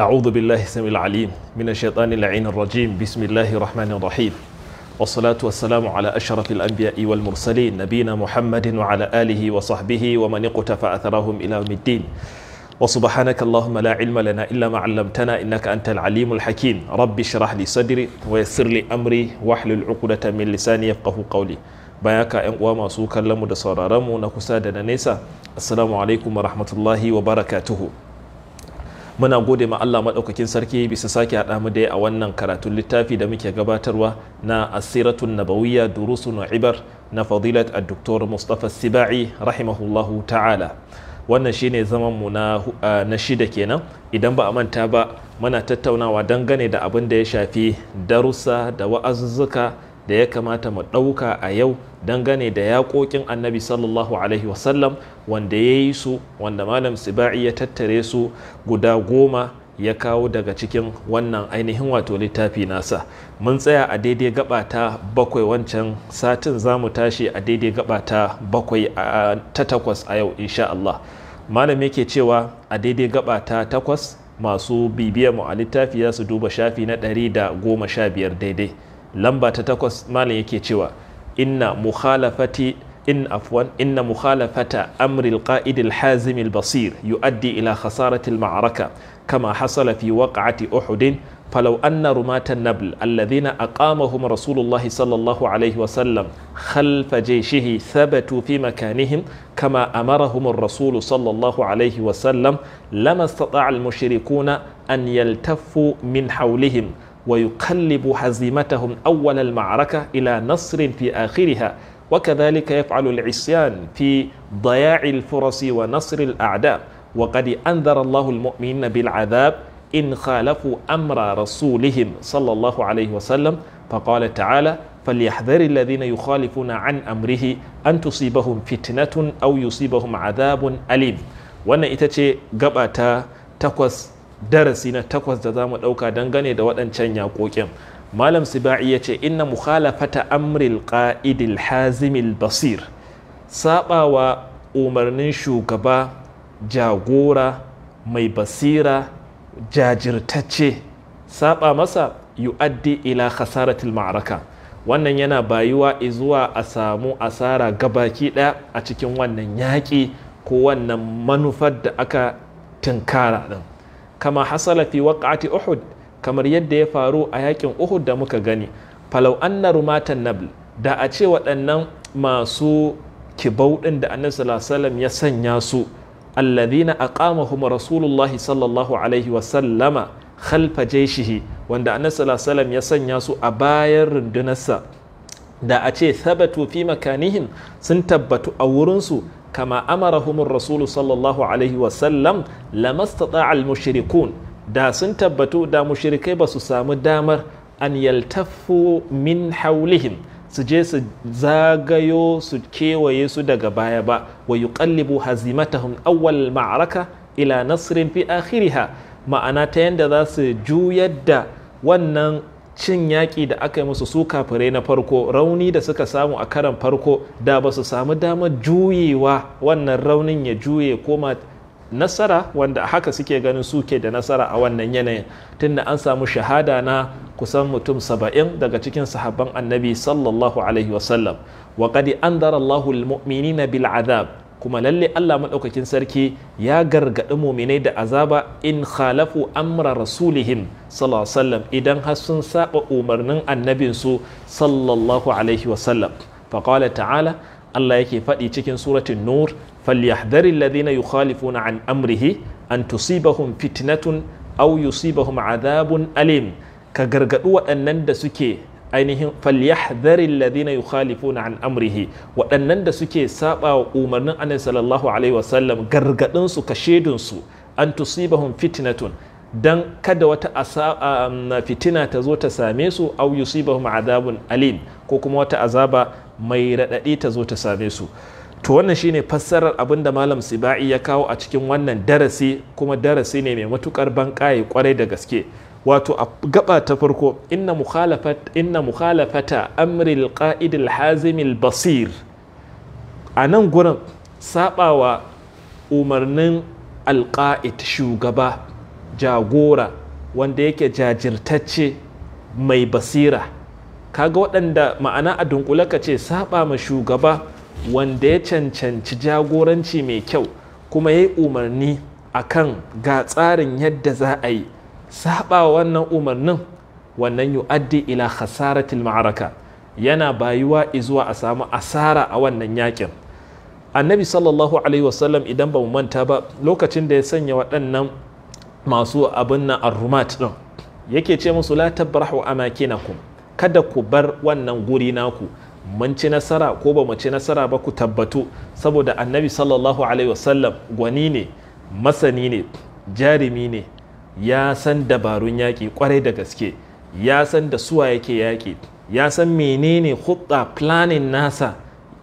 أعوذ بالله السميع العليم من الشيطان اللعين الرجيم بسم الله الرحمن الرحيم والصلاة والسلام على أشرف الأنبياء والمرسلين نبينا محمد وعلى آله وصحبه ومن اقتفى أثرهم إلى يوم الدين وسبحانك اللهم لا علم لنا إلا ما علمتنا إنك أنت العليم الحكيم رب اشرح لي صدري ويسر لي أمري واحلل عقدة من لساني يفقه قولي بياك إن uwa masu kallon mu da نيسا السلام عليكم ورحمة الله وبركاته muna gode ma Allah maɗaukakin sarki bisa sake haɗa mu dai a wannan karatun littafi da muke gabatarwa na asiratun nabawiyya durusun ibar na fadilat a doktor mustapha sibai rahimahullahu ta'ala wannan shine zaman mu na, shida kenan idan ba a manta ba muna tattaunawa dangane da abin da ya shafi darussa da wa'azuzzuka da ya kamata mu ɗauka a yau dangane da yaƙoƙin annabi sallallahu alaihi wasallam wanda ya yi su wanda malam siba'i ya tattare su guda goma ya kawo daga cikin wannan ainihin wato littafi nasa mun tsaya a daidai gaba bakwai wancan satin za mu tashi a daidai gaba ta bakwai ta takwas a yau insha Allah malam yake cewa a daidai gabata takwas masu bibiyar mu a littafi za su duba shafi na ɗari da goma sha biyar daidai lamba ta takwas malam yake cewa inna mukhalafati in afwan inna mukhalafata amri alqa'id alhazim albasir yuaddi ila khasarati almaraka kama hasala fi waqa'ati uhud falau anna rumata nabl alladhina aqamahum rasulullah sallallahu alayhi wa sallam khalf jayshihi thabatu fi makanihim kama amarahum ar-rasul sallallahu alayhi wa sallam lama istata'a al an yaltaffu min hawlihim ويقلب هزيمتهم أول المعركة إلى نصر في آخرها وكذلك يفعل العصيان في ضياع الفرص ونصر الأعداء وقد أنذر الله المؤمنين بالعذاب إن خالفوا أمر رسولهم صلى الله عليه وسلم فقال تعالى فليحذر الذين يخالفون عن أمره أن تصيبهم فتنة أو يصيبهم عذاب أليم وأن إتتي قبأتا تقوس darasi na takwas da za mu ɗauka dangane da waɗancan yaƙoƙin malam siba'i ya ce inna mukhalafata amril qa'idil hazimil basir saɓawa umarnin shugaba jagora mai basira jajirtacce saɓa masa yu'addi ila khasaratil ma'araka wannan yana bayuwa izuwa a samu asara gabaki ɗaya a cikin wannan yaƙi ko wannan manufar da aka tinkara ɗin. kama hasala fi waqati uhud kamar yadda ya faru a yakin uhud da muka gani falau anna rumatan nabl da a ce waɗannan masu kibau da annabi sallallahu ya sanya su alladhina aqamahum rasulullahi sallallahu alaihi wa sallama khalfa jaishihi wanda annabi sallallahu ya sanya su a bayan rundunarsa da a ce thabatu fi makanihim sun tabbatu a wurinsu kama amarahumur rasulu sallallahu alaihi wasallam lamastata al mushrikun da sun tabbatu da mushirikai basu samu damar an yaltafu min haulihim su je su zagayo su kewaye su daga baya ba wa yuqallibu hazimatahum awwal ma'araka ila nasrin fi akhiriha ma'ana ta yanda za su juyar da wannan cin yaƙi da aka yi musu su kafirai na farko rauni da suka samu a karan farko da ba su samu damar juyewa wannan raunin ya juye koma nasara wanda haka suke ganin suke da nasara a wannan yanayin tunda an samu shahada na kusan mutum saba'in daga cikin sahabban annabi sallallahu alaihi wasallam wa qad andara Allahu al-mu'minina bil kuma lalle Allah maɗaukakin sarki ya gargaɗi muminai da azaba in khalafu amra rasulihim sallallahu wasallam idan har sun saba umarnin annabinsu sallallahu alaihi wasallam faqala ta'ala Allah yake faɗi cikin suratin nur falyahdhari alladhina yukhalifuna an amrihi an tusibahum fitnatun aw yusibahum adhabun alim ka gargaɗi waɗannan da suke ainihin falyahdharil ladina yukhalifuna an amrihi waɗannan da suke saba wa umarnin annabi sallallahu alaihi wasallam gargadin su su an tusibahum fitnatun dan kada wata um, fitina ta zo ta same su aw yusibahum adabun alim ko kuma wata azaba mai radadi tazo ta same su to wannan shine fassarar abinda da malam sibai ya kawo a cikin wannan darasi kuma darasi ne mai matukar kai kwarai da gaske wato a gaba ta farko inna mukhalafat inna mukhalafata amril qa'idil hazimil basir a nan gurin saɓawa umarnin alƙa'id shugaba jagora wanda yake jajirtacce mai basira kaga waɗanda ma'ana a dunkule ka ce saɓa ma shugaba wanda ya cancanci jagoranci mai kyau kuma ya yi umarni akan ga tsarin yadda za a yi saba wannan umarnin wannan yu'addi ila khasaratil ma'araka yana bayuwa izuwa a samu asara a wannan yakin annabi sallallahu alaihi wasallam idan ba mu manta ba lokacin da ya sanya waɗannan masu abin na arrumat ɗin yake ce musu la tabrahu amakinakum kada ku bar wannan guri naku mun ci nasara ko ba mu ci nasara ba ku tabbatu saboda annabi sallallahu alaihi wasallam gwani ne masani ne jarimi ne ya san dabarun yaƙi kwarai da gaske ya san da suwa yake yaƙi ya san menene hudda planning nasa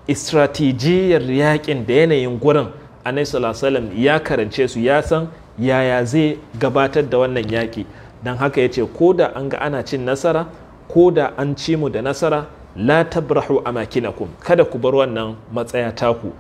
istratijiyar yaƙin da yanayin gurin anai ya karance su ya san yaya zai gabatar da wannan yaƙi don haka ya ce ko da an ga ana cin nasara ko da an ci mu da nasara la tabrahu a makinakum kada ku bar wannan matsaya taku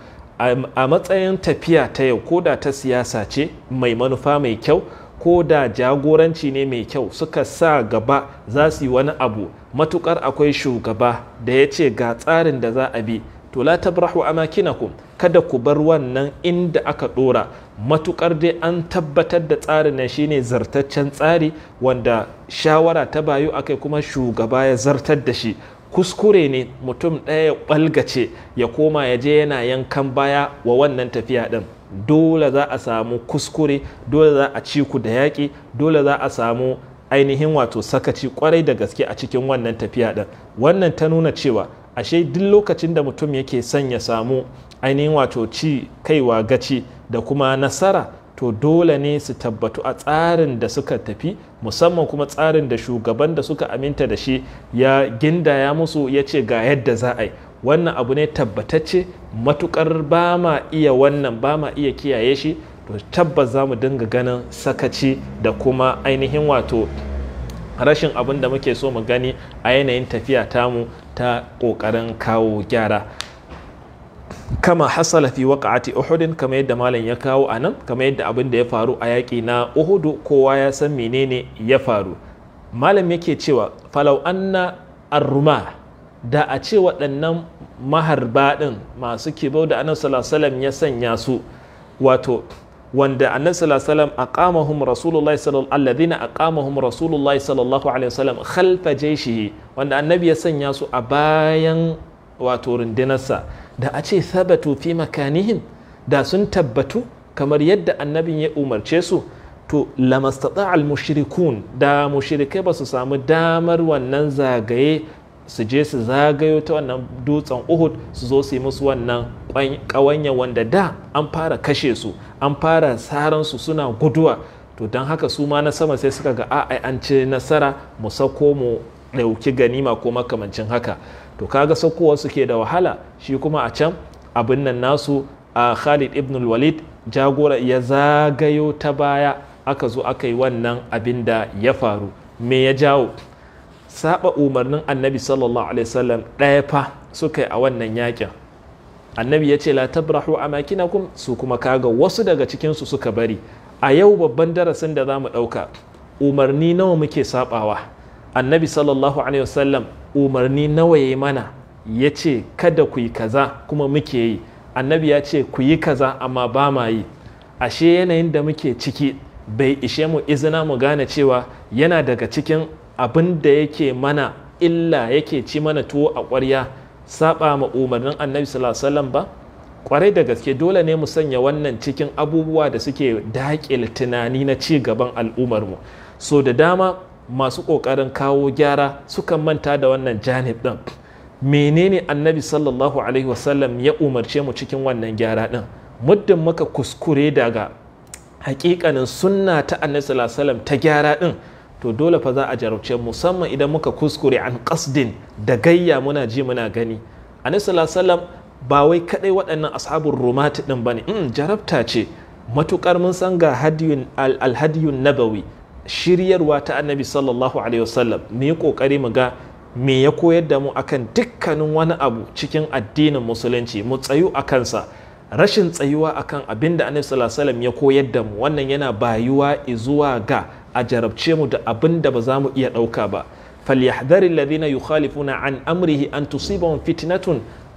a matsayin tafiya ta yau ko da ta siyasa ce mai manufa mai kyau ko da jagoranci ne mai kyau suka sa gaba za su yi wani abu matukar akwai shugaba da ya ce ga tsarin da za a bi to la tabrahu amakinakum kada ku bar wannan inda aka dora matukar dai an tabbatar da tsarin nan shine zartaccen tsari wanda shawara ta bayu akai kuma shugaba ya zartar da shi kuskure ne mutum ɗaya ya ɓalgace ya koma ya je yana yankan baya wa wannan tafiya ɗin dole za a samu kuskure dole za a ci ku da yaƙi dole za a samu ainihin wato sakaci kwarai da gaske a cikin wannan tafiya ɗin wannan ta nuna cewa ashe duk lokacin da mutum yake son ya samu ainihin wato ci kaiwa gaci da kuma nasara to dole ne su tabbatu a tsarin da suka tafi musamman kuma tsarin da shugaban da suka aminta da shi ya gindaya musu ya ce ga yadda za a yi wannan abu ne tabbatacce matukar ba ma iya wannan ba ma iya kiyaye shi to tabbas za mu dinga ganin sakaci da kuma ainihin wato rashin abin da muke so mu gani a yanayin tafiya tamu ta kokarin kawo gyara kama hasala fi waqa'ati uhudin kama yadda malam ya kawo anan kama yadda abin da ya faru a yaƙi na uhudu kowa ya san menene ya faru malam yake cewa falau anna arruma da a ce waɗannan maharba ɗin masu kibau da annabi salasalam ya sanya su wato wanda annabi salasalam alaihi wasallam aqamahum rasulullahi sallallahu alladhina aqamahum rasulullahi sallallahu alaihi wasallam khalfa jayshihi wanda annabi ya sanya su a bayan wato rundunarsa da a ce sabatu fi makanihim da sun tabbatu kamar yadda annabin ya umarce su to lamastata al-mushrikun da mushrikai ba su samu damar wannan zagaye su je su zagayo ta wannan dutsen uhud su zo su yi musu wannan ƙawanya wanda da an fara kashe su an fara saransu suna guduwa to don haka su ma na sama sai suka ga a'ai an ci nasara mu sako mu ɗauki ganima ko makamancin haka to kaga saukowar su ke da wahala shi kuma a can abin nan nasu a khalid ibn walid jagora ya zagayo ta baya aka zo aka yi wannan abin da ya faru me ya jawo saba umarnin annabi sallallahu alaihi wasallam ɗaya fa suka yi a wannan yakin annabi ya ce la tabrahu amakinakum su kuma kaga wasu daga cikin su suka bari a yau babban darasin da za mu ɗauka umarni nawa muke sabawa annabi sallallahu alaihi wasallam umarni nawa ya mana ya ce kada ku yi kaza kuma muke yi annabi ya ce ku yi kaza amma ba ma yi ashe yanayin da muke ciki bai ishe mu izina mu gane cewa yana daga cikin abin da yake mana illa yake ci mana tuwo a ƙwarya saba ma umarnin annabi sallallahu alaihi ba Ƙwarai da gaske dole ne mu sanya wannan cikin abubuwa da suke daƙil tunani na ci gaban mu. so da dama masu ƙoƙarin kawo gyara sukan manta da wannan janib ɗin menene annabi sallallahu alaihi wasallam ya umarce mu cikin wannan gyara ɗin muddin muka kuskure daga hakikanin sunna ta annabi sallallahu ta gyara ɗin to dole fa za a jarabce musamman idan muka kuskure an kasdin da gayya muna ji muna gani annabi sallallahu ba wai kadai waɗannan ashabul rumati ɗin bane hmm, jarabta ce matukar mun san ga hadiyun alhadiyun nabawi shiryarwa ta annabi sallallahu alaihi wasallam mu yi kokari mu ga me ya koyar da mu akan dukkanin wani abu cikin addinin musulunci mu tsayu a kansa rashin tsayuwa akan abin da annabi sallallahu alaihi wasallam ya koyar da mu wannan yana bayuwa zuwa ga a jarabce mu da abin da ba za mu iya ɗauka ba فليحذر الذين يخالفون عن أمره أن تصيبهم فتنة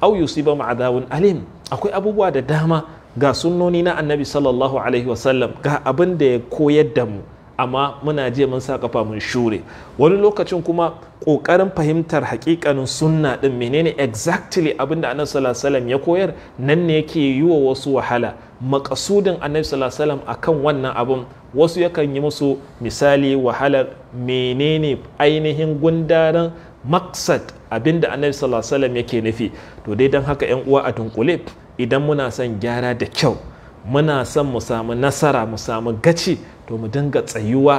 أو يصيبهم عذاب أليم Akwai أبو da داما ga sunnoni na annabi sallallahu alaihi wasallam ga abin da ya koyar da mu amma muna je mun sa kafa mun shure wani lokacin kuma kokarin fahimtar hakikanin sunna din menene exactly abinda da annabi sallallahu alaihi ya koyar nan ne yake yi wa wasu wahala makasudin annabi sallallahu alaihi wasallam akan wannan abun wasu yakan yi musu misali wahalar menene ainihin gundaren maksad abinda annabi sallallahu alaihi wasallam yake nufi to dai dan haka yan uwa a dunkule idan muna son gyara da kyau muna son mu samu nasara mu samu gaci to mu dinga tsayuwa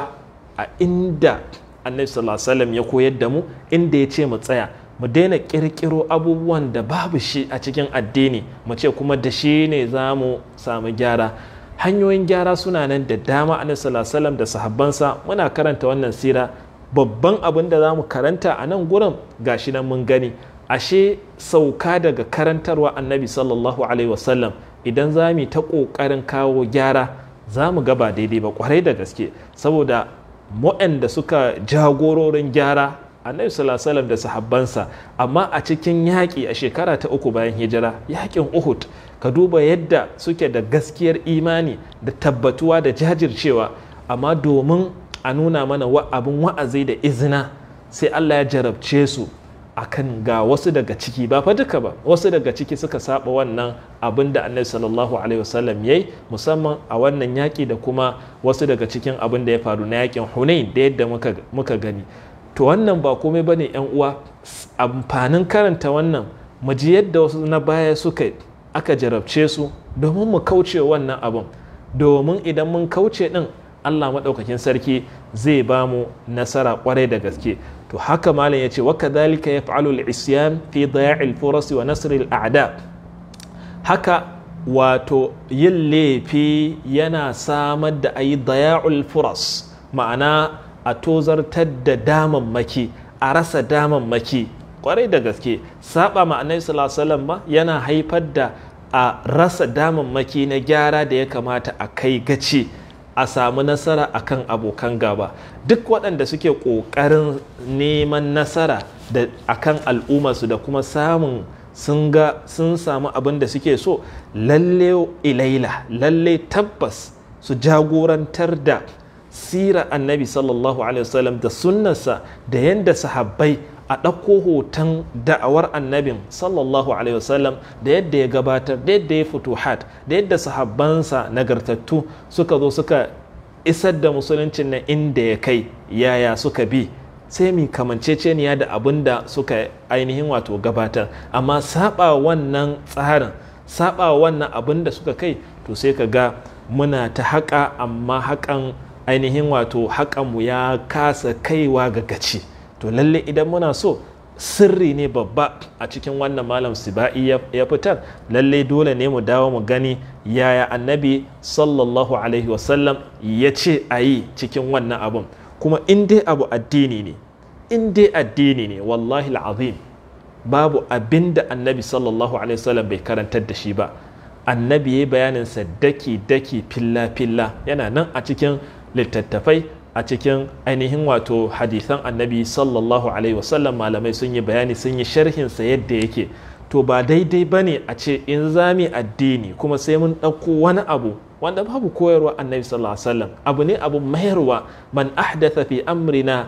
a inda annabi sallallahu alaihi ya koyar da mu inda ya ce mu tsaya mu daina kirkiro abubuwan da babu shi a cikin addini mu ce kuma da shi ne za mu samu gyara hanyoyin gyara suna nan da dama annabi sallallahu alaihi da sahabbansa muna karanta wannan sira babban abin da za mu karanta a nan gurin gashi nan mun gani ashe sauka daga karantarwa annabi sallallahu alaihi wasallam idan za mu ta ƙoƙarin kawo gyara za mu gaba daidai ba kwarai da gaske saboda da suka jagororin gyara annabi sallallahu da sahabbansa amma a cikin yaƙi a shekara ta uku bayan hijira yaƙin uhud ka duba yadda suke da gaskiyar imani da tabbatuwa da jajircewa amma domin a nuna mana abin wa'azi da izina sai allah ya jarabce su akan ga wasu daga ciki ba fa duka ba wasu daga ciki suka saba wannan abin da annabi sallallahu alaihi wasallam yayi musamman a wannan yaki da kuma wasu daga cikin abin da ya faru na yakin hunain da yadda muka, muka gani to wannan ba komai bane yan uwa amfanin karanta wannan mu ji yadda wasu na baya suka aka jarabce su domin mu kauce wannan abin domin idan mun kauce din Allah maɗaukakin sarki zai ba mu nasara ƙwarai da gaske to haka malam ya ce wa kadhalika yaf'alu al-isyan fi daya'il Furas wa nasri al-a'da haka wato yin laifi yana samar da ayi daya'ul furas ma'ana a tozartar da maki a rasa daman maki. ƙwarai da gaske saba ma'anai sallallahu ba yana haifar da a rasa daman maki na gyara da ya kamata a kai gaci a samu nasara a kan abokan gaba duk waɗanda suke ƙoƙarin neman nasara a akan al'ummarsu da kuma samun sun ga sun samu abin da suke so lalle ilaila lalle tabbas su jagorantar da sira annabi sallallahu alaihi wasallam da sunnarsa da yadda sahabbai a ɗauko hoton da'awar annabin sallallahu alaihi wasallam da yadda ya gabatar da yadda ya fito hat da yadda sahabbansa nagartattu suka zo suka isar da musuluncin na inda ya kai yaya suka bi sai kamance ceniya da abin da suka ainihin wato gabatar amma saba wannan tsarin saba wannan abin da suka kai to sai ka ga muna ta haƙa amma haƙan ainihin wato haƙanmu ya kasa kaiwa ga gaci. to lalle idan muna so sirri ne babba a cikin wannan malam siba'i ya fitar lalle dole ne mu dawo mu gani yaya annabi sallallahu alaihi wasallam ya ce a yi cikin wannan abun kuma in dai abu addini ne in dai addini ne wallahi al'azim babu abin da annabi sallallahu alaihi wasallam bai karantar da shi ba annabi ya sa daki daki filla filla yana nan a cikin littattafai a cikin ainihin wato hadisan annabi sallallahu alaihi wasallam malamai sun yi bayani sun yi sharhinsa yadda yake to ba daidai ba ne a ce in za mu addini kuma sai mun ɗauko wani abu wanda babu koyarwa annabi sallallahu alaihi wasallam abu ne abu mayarwa man ahdatha fi amrina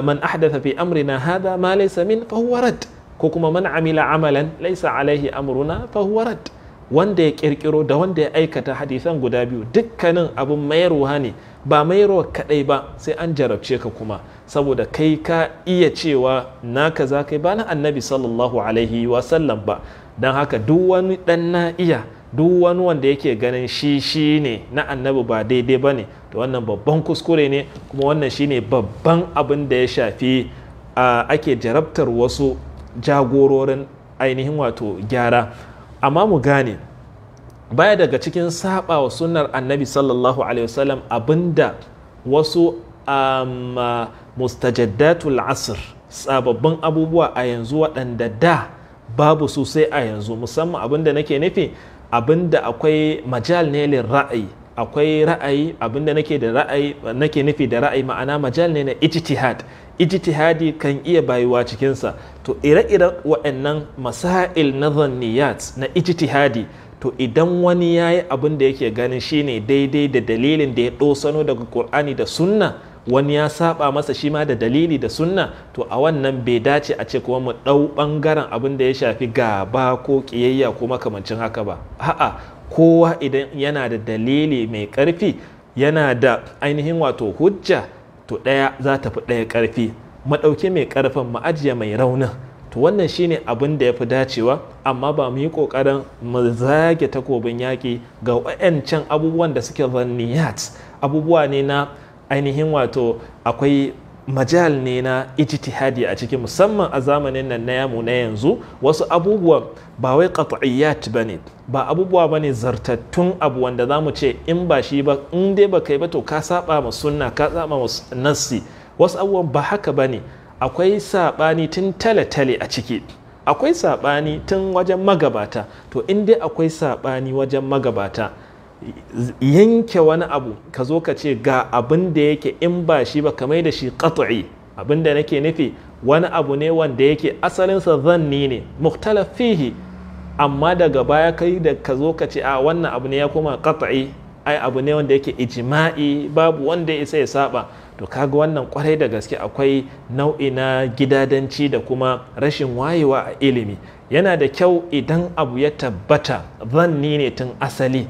man ahdatha fi amrina hada ma laysa min fa huwa rad ko kuma man amila amalan laysa alaihi amruna fa huwa rad wanda ya kirkiro da wanda ya aikata hadisan guda biyu dukkanin abin mayarwa ne ba mayarwa kaɗai ba sai an jarabce ka kuma saboda kai ka iya cewa na ka za kai ba na annabi sallallahu alaihi wasallam ba don haka duk wani dan na iya duk wani wanda yake ganin shi shi ne na annabi ba daidai ba ne to wannan babban kuskure ne kuma wannan shi ne babban abin da ya shafi ake jarabtar wasu jagororin ainihin wato gyara amma mu gane baya daga cikin saba wa sunnar annabi sallallahu alaihi wasallam abinda wasu mustajaddatul asr sababbin abubuwa a yanzu waɗanda da babu su a yanzu musamman abinda nake nufi abinda akwai majal ne ra'ayi akwai ra'ayi abinda nake da ra'ayi nake nufi da ra'ayi ma'ana majal ne na ijtihad ijtihadi kan iya bayuwa cikinsa to ire-iren waɗannan masail na zanniyat na ijtihadi to idan wani ya yi abin da yake ganin shine daidai da dalilin da ya ɗosano daga ƙur'ani da sunna wani ya saba masa shi ma da dalili da sunna to a wannan bai dace a ce kuma mu ɗau bangaren abin da ya shafi gaba ko ƙiyayya ko makamancin haka ba a'a kowa idan yana da dalili mai ƙarfi yana da ainihin wato hujja to ɗaya za ta fi ɗaya ƙarfi maɗauki mai ƙarfin mu ajiye mai raunin to wannan shine abin da ya fi dacewa amma ba mu yi ƙoƙarin mu zage takobin yaƙi ga wayancan abubuwan da suke zanniyat abubuwa ne na ainihin wato akwai majal ne na ijtihadi a ciki musamman a zamanin nan na yamu na yanzu wasu abubuwan ba wai qat'iyyat bane ba abubuwa bane zartattun abu wanda zamu ce in ba shi ba in dai ba kai ba to ka saba ma sunna ka saba ma nassi wasu abubuwan ba haka bane akwai sabani tun tale a ciki akwai sabani tun wajen magabata to in dai akwai sabani wajen magabata yanke wani abu ka zo ka ce ga abin da yake in ba shi ba kamar da shi qat'i abin da nake nufi wani abu ne wanda yake asalinsa zanni ne muktalafihi fihi amma daga baya kai da ka zo ka ce a wannan abu ne ya koma qat'i ai abu ne wanda yake ijma'i babu wanda ya isa ya saba to kaga wannan kwarai da gaske akwai nau'i na gidadanci da kuma rashin wayewa a ilimi yana da kyau idan abu ya tabbata zanni ne tun asali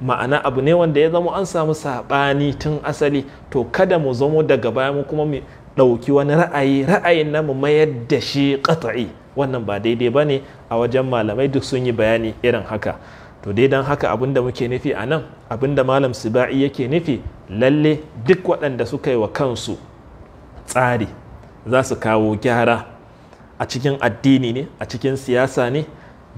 ma'ana abu ne wanda ya zama an samu saɓani tun asali to kada mu zamo daga baya mu kuma mu ɗauki wani ra'ayi ra'ayin na mu mayar da shi ƙata'i wannan ba daidai ba ne a wajen malamai duk sun yi bayani irin haka to dai don haka abin da muke nufi a nan abin da malam siba'i yake nufi lalle duk waɗanda suka yi wa kansu tsari za su kawo gyara a cikin addini ne a cikin siyasa ne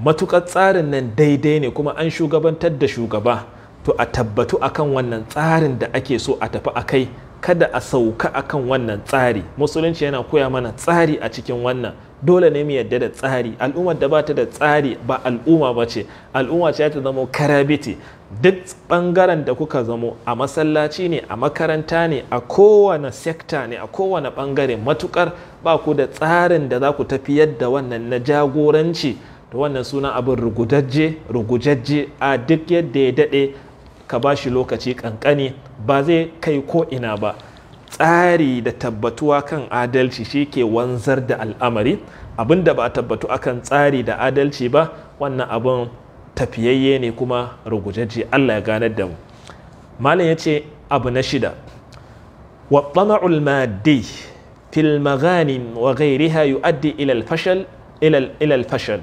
matuƙar tsarin nan daidai ne kuma an shugabantar da shugaba to a tabbatu akan wannan tsarin da ake so a tafi a kai kada a sauka akan wannan tsari musulunci yana koya mana tsari a cikin wannan dole ne mu yadda da tsari al'ummar da bata da tsari ba al'umma ba ce al'umma ce ta zamo karabiti duk bangaren da kuka zamo a masallaci ne a makaranta ne a kowane sekta ne a kowane bangare matukar ba ku da tsarin da za ku tafi yadda wannan na jagoranci to wannan sunan abin rugujajje rugujajje a duk yadda ya daɗe ka ba shi lokaci kankani ba zai kai ko ina ba tsari da tabbatuwa kan adalci shi ke wanzar da al'amari abin da ba a tabbatu akan tsari da adalci ba wannan abin tafiyayye ne kuma rugujajje Allah ya ganar da mu malam ya ce abu na shida wa tsama'ul maddi fil maghanim wa ha yu'addi ila al-fashal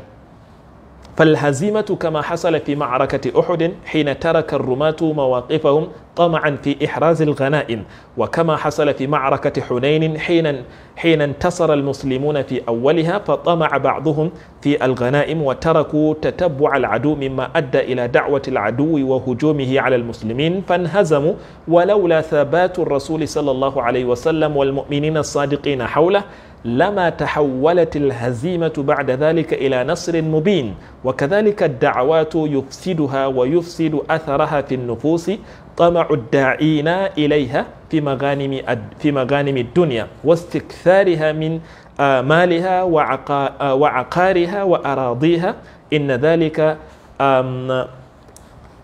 فالهزيمة كما حصل في معركة أحد حين ترك الرماة مواقفهم طمعا في إحراز الغنائم وكما حصل في معركة حنين حين حين انتصر المسلمون في أولها فطمع بعضهم في الغنائم وتركوا تتبع العدو مما أدى إلى دعوة العدو وهجومه على المسلمين فانهزموا ولولا ثبات الرسول صلى الله عليه وسلم والمؤمنين الصادقين حوله لما تحولت الهزيمة بعد ذلك إلى نصر مبين وكذلك الدعوات يفسدها ويفسد أثرها في النفوس طمع الداعين إليها في مغانم في مغانم الدنيا واستكثارها من آه، مالها آه، وعقارها وأراضيها إن ذلك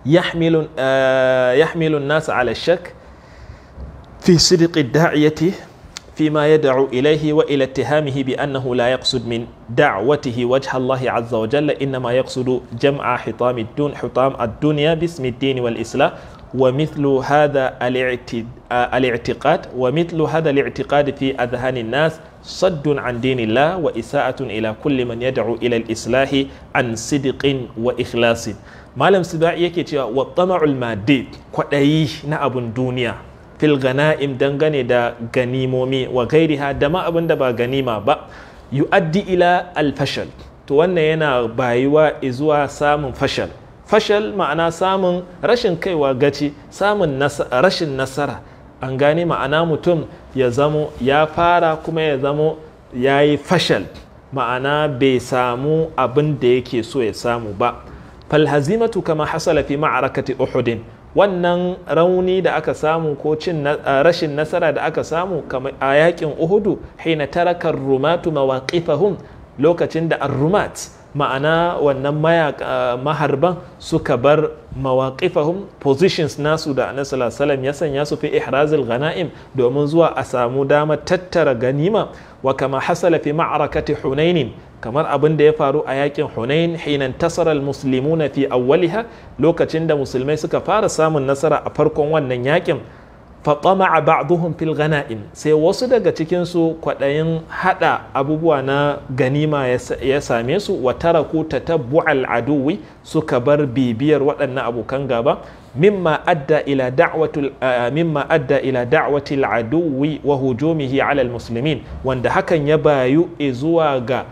يحمل آه، يحمل الناس على الشك في صدق الداعية فيما يدعو إليه وإلى اتهامه بأنه لا يقصد من دعوته وجه الله عز وجل إنما يقصد جمع حطام الدون حطام الدنيا باسم الدين والإسلام ومثل هذا الاعتقاد ومثل هذا الاعتقاد في أذهان الناس صد عن دين الله وإساءة إلى كل من يدعو إلى الإصلاح عن صدق وإخلاص ما لم سبع يكي والطمع المادي كدأيه نأب الدنيا fil gana'im dangane da ganimomi wa gairi. ha dama abin da ba ganima ba yu'addi ila alfashal. fashal to wannan yana bayuwa zuwa samun fashal fashal ma'ana samun rashin kaiwa gaci samun rashin nasara an gani ma'ana mutum ya zamo ya fara kuma ya zamo ya yi fashal ma'ana bai samu abin da yake so ya samu ba falhazimatu kama hasala fi ma'arakati uhudin wannan rauni da aka samu ko cin rashin nasara da aka samu a yakin uhudu hina tarakar rumatu mawaqifahum lokacin da ar-rumat ma'ana wannan maharban suka bar mawaƙifahum positions nasu da annabi ya sanya su fi ihrazil ghanaim domin zuwa a samu damar tattara ganima wa kama hasala fi ma'arakati hunainin kamar abin da ya faru a yakin hunain hinan tasarar muslimuna fi awwaliha lokacin da musulmai suka fara samun nasara a farkon wannan yakin fatama a ba'duhun fil ghana'im sai wasu daga cikinsu kwaɗayin haɗa abubuwa na ganima ya same su wa taraku tatabbu'al aduwi suka bar bibiyar waɗannan abokan gaba mimma adda ila da'watul mimma adda ila da'watil aduwi wa hujumihi alal muslimin wanda hakan ya bayu zuwa ga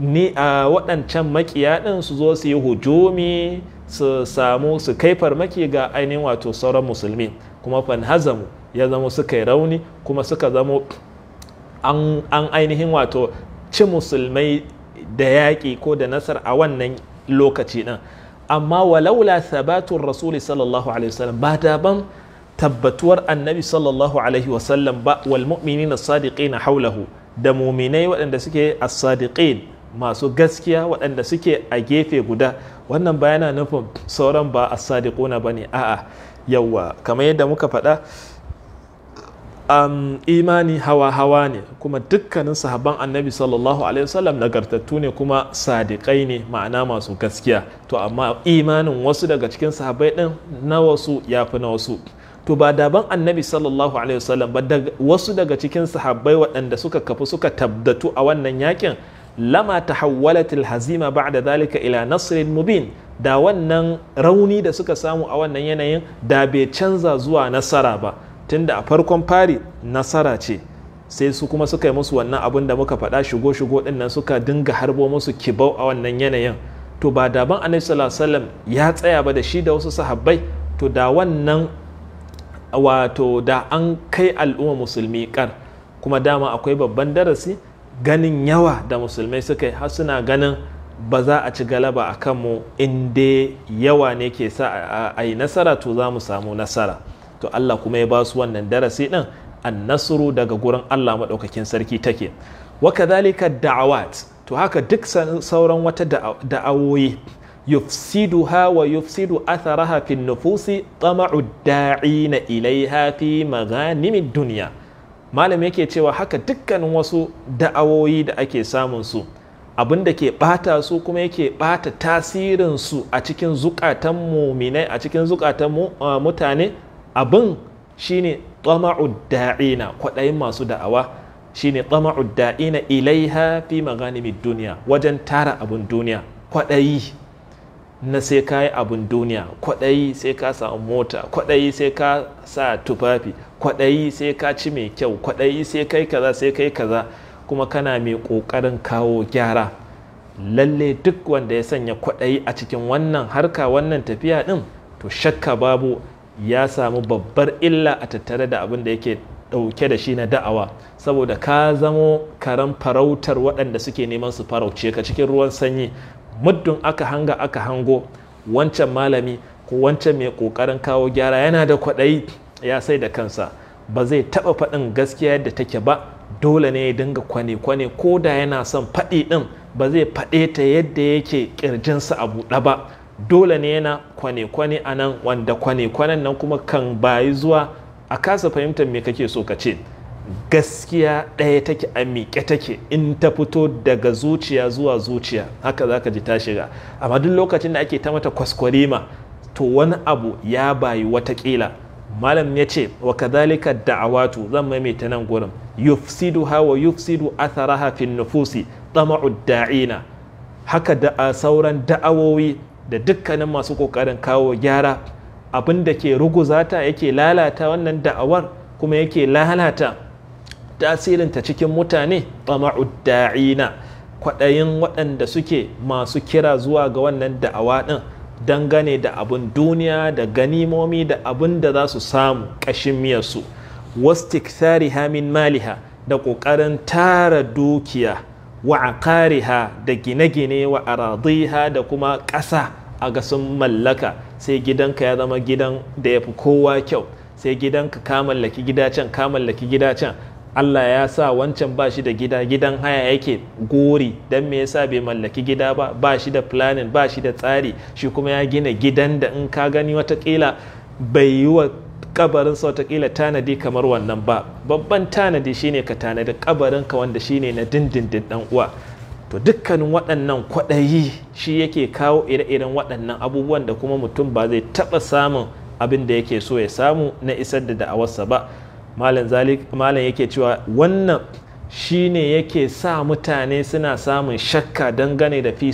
ni a waɗancan makiya ɗin su zo su yi hujumi su samu su kai farmaki ga ainihin wato sauran musulmi kuma fanhazamu ya zama suka yi rauni kuma suka zama an, an ainihin wato ci musulmai da yaƙi ko da nasar a wannan lokaci ɗin amma walaula sabatun rasuli sallallahu alaihi wasallam ba daban tabbatuwar annabi sallallahu alaihi wasallam ba wal mu'minina sadiqina haulahu da muminai waɗanda suke as-sadiqin masu gaskiya waɗanda suke a gefe guda wannan bayana nufin sauran ba as-sadiquna bane a'a yawa kamar yadda muka faɗa imani hawa-hawa ne kuma dukkanin sahabban annabi sallallahu alaihi wasallam nagartattu ne kuma sadiƙai ne ma'ana masu gaskiya to amma imanin wasu daga cikin sahabbai ɗin na wasu ya fi na wasu to ba daban annabi sallallahu alaihi wasallam ba wasu daga cikin sahabbai waɗanda suka kafu suka tabdatu a wannan yakin lama tahawwalatil hazima ba'da zalika ila nasrin mubin da wannan rauni da suka samu a wannan yanayin da bai canza zuwa nasara ba tunda a farkon fari nasara ce sai su kuma suka yi musu wannan abin da muka faɗa shigo shigo ɗinnan nan suka dinga harbo musu kibau a wannan yanayin to ba da ban sallallahu alaihi ya tsaya ba da shi da wasu sahabbai to da wannan wato da an kai al'umma musulmi kar kuma dama akwai babban darasi ganin yawa da musulmai suka yi har suna ganin ba za a ci galaba a kanmu in dai yawa ne ke sa a yi nasara to za mu samu nasara to Allah kuma ya ba su wannan darasi din nasuru daga gurin Allah maɗaukakin sarki take Waka da'awat to haka duk sauran wata da'awoyi yufsiduha wa yufsidu atharaha fi nufusi tama'u da'ina ilaiha fi maganimin duniya. malam yake cewa haka dukkanin wasu da'awoyi da ake samun su abin da ke bata su kuma yake bata tasirin su a cikin zukatan muminai a cikin zukatan mutane abin shine tsamau da'ina kwaɗayin masu da'awa shine tsamau da'ina ilaiha fi maganimi duniya wajen tara abin duniya kwaɗayi na sai ka abin duniya kwaɗayi sai ka samu mota kwaɗayi sai ka sa tufafi kwaɗayi sai ka ci mai kyau kwaɗayi sai kai kaza sai kai kaza kuma kana mai ƙoƙarin kawo gyara lalle duk wanda ya sanya kwaɗayi a cikin wannan harka wannan tafiya ɗin to shakka babu ya samu babbar illa a tattare da abin da yake ɗauke da shi na da'awa saboda ka zamo karan farautar waɗanda suke neman su farauce ka cikin ruwan sanyi muddin aka hanga aka hango wancan malami ko wancan mai ƙoƙarin kawo gyara yana da kwaɗayi ya sai da kansa ba zai taɓa faɗin gaskiya yadda take ba dole ne ya dinga kwane-kwane ko da yana son faɗi ɗin ba zai faɗe ta yadda yake ƙirjinsa a buɗe ba dole ne yana kwane-kwane a nan wanda kwane-kwanen nan kuma kan bayi zuwa a kasa fahimtar me kake so ka ce gaskiya ɗaya take a miƙe take in ta fito daga zuciya zuwa zuciya haka za ka ji ta shiga amma duk lokacin da ake ta mata kwaskwarima to wani abu ya bayi watakila malam ya ce wa kadhalika da'awatu zan maimaita nan gurin yufsidu hawa yufsidu atharaha fi nufusi tama'u da'ina haka da sauran da'awowi da dukkanin masu kokarin kawo gyara abin da ke ruguzata yake lalata wannan da'awar kuma yake lalata tasirinta cikin mutane tama'u da'ina kwaɗayin waɗanda suke masu kira zuwa ga wannan da'awa ɗin dangane da abin duniya da ganimomi da abin da za su samu ƙashin miyarsu wastikthariha min maliha da ƙoƙarin tara dukiya wa aqariha da gine-gine wa aradiha da kuma ƙasa a ga mallaka sai gidanka ya zama gidan da ya fi kowa kyau sai gidanka ka mallaki gidacen ka mallaki gidacen Allah ya sa wancan ba shi da gida gidan haya yake gori don me yasa bai mallaki gida ba ba shi da planning ba shi da tsari shi kuma ya gina gidan da in ka gani watakila bai yi wa sa watakila tanadi kamar wannan ba babban tanadi shine ka tanadi ka wanda shine na dindindin dan uwa to dukkanin waɗannan kwaɗayi shi yake kawo ire-iren waɗannan abubuwan da kuma mutum ba zai taɓa samun abin da yake so ya samu na isar da da'awarsa ba malam zalik yake cewa wannan shi ne yake sa mutane suna samun shakka dangane da fi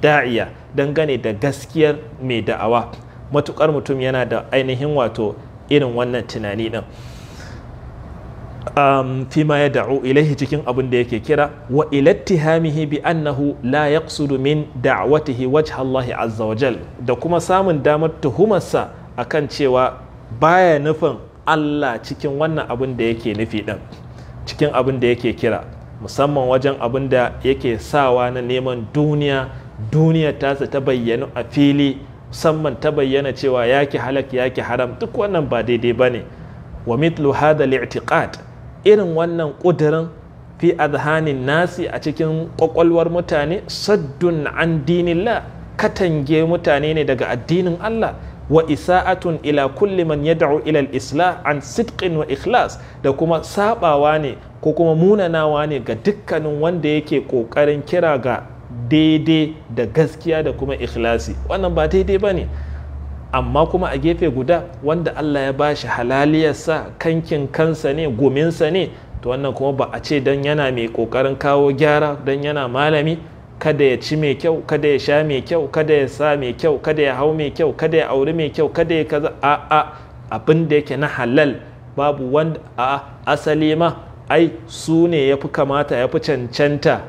da'iya dangane da gaskiyar mai da'awa Matuƙar mutum yana da ainihin wato irin wannan tunani din fi ma ya da'u ilaihi cikin abin da yake kira wa ilattihamihi bi annahu la yaqsudu min da'watihi wajha Allah azza wajal da kuma samun damar tuhumarsa akan cewa baya nufin Allah cikin wannan abin da yake nufi ɗin cikin abin da yake kira musamman wajen abin da yake sawa na neman duniya duniya ta tasa ta bayyana a fili musamman ta bayyana cewa yaki halak yaki haram duk wannan ba daidai ba ne wa mitlu hada li'tiqad irin wannan ƙudurin fi adhanin nasi a cikin ƙwaƙwalwar mutane saddun an dinillah katange mutane ne daga addinin Allah wa isa'atun ila kulli man yad'u ila al-islah an sidqin wa ikhlas da kuma sabawa ne ko kuma munanawa ne ga dukkanin wanda yake kokarin kira ga daidai da gaskiya da kuma ikhlasi wannan ba daidai bane amma kuma a gefe guda wanda Allah ya bashi sa kankin kansa ne gominsa ne to wannan kuma ba a ce dan yana mai kokarin kawo gyara dan yana malami kada ya ci mai kyau kada ya sha mai kyau kada ya sa mai kyau kada ya hau mai kyau kada ya auri mai kyau kada ya kaza a a abin da yake na halal babu wanda a asali ma ai su ne ya fi kamata ya fi cancanta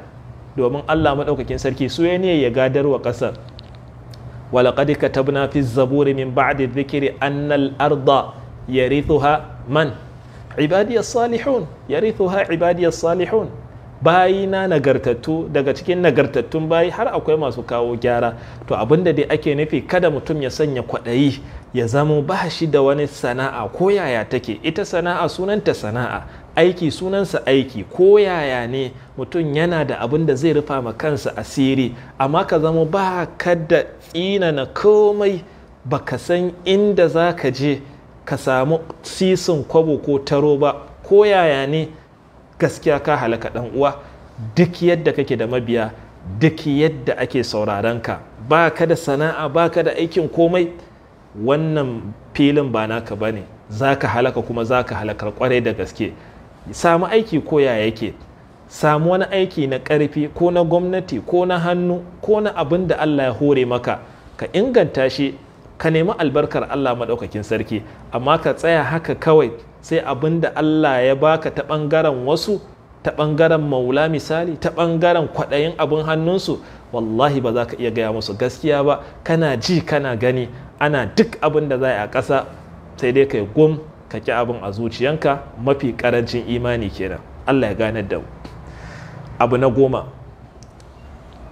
domin Allah maɗaukakin sarki su ne ya gadar wa ƙasar walaƙad katabna fi zaburi min ba'di dhikri annal arda yarithuha man ibadiyas salihun yarithuha ibadiyas salihun bayi na nagartattu daga cikin nagartattun bayi har akwai masu kawo gyara to abin da dai ake nufi kada mutum ya sanya kwaɗayi ya zamo ba shi da wani sana'a ko yaya take ita sana'a sunanta sana'a aiki sunansa aiki ko yaya ne mutum yana da abin da zai rufa ma kansa asiri amma ka zamo ba ka da na komai ba ka san inda za ka je ka samu sisin kwabo ko taro ba ko yaya ne gaskiya ka halaka dan uwa duk yadda kake da mabiya duk yadda ake sauraron ka ba ka da sana'a ba ka da aikin komai wannan filin ba naka ba ne za ka halaka kuma za ka halakar kwarai da gaske samu aiki ko ya yake samu wani aiki na ƙarfi ko na gwamnati ko na hannu ko na abin da allah ya hore maka ka inganta shi ka nemi albarkar allah maɗaukakin sarki amma ka tsaya haka kawai sai abin da Allah ya baka ta ɓangaren wasu ta ɓangaren maula misali ta ɓangaren kwaɗayin abin hannunsu wallahi ba za ka iya gaya musu gaskiya ba kana ji kana gani ana duk abin da za a ƙasa sai dai kai gum ka ƙi abin a zuciyanka mafi ƙarancin imani kenan Allah ya ganar da mu abu na goma